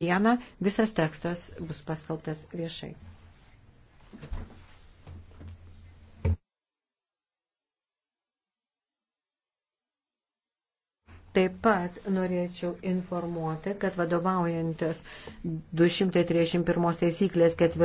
dieną visas tekstas bus paskaltas viešai. Taip pat norėčiau informuoti, kad vadovaujantis 231 taisyklės ketvirtas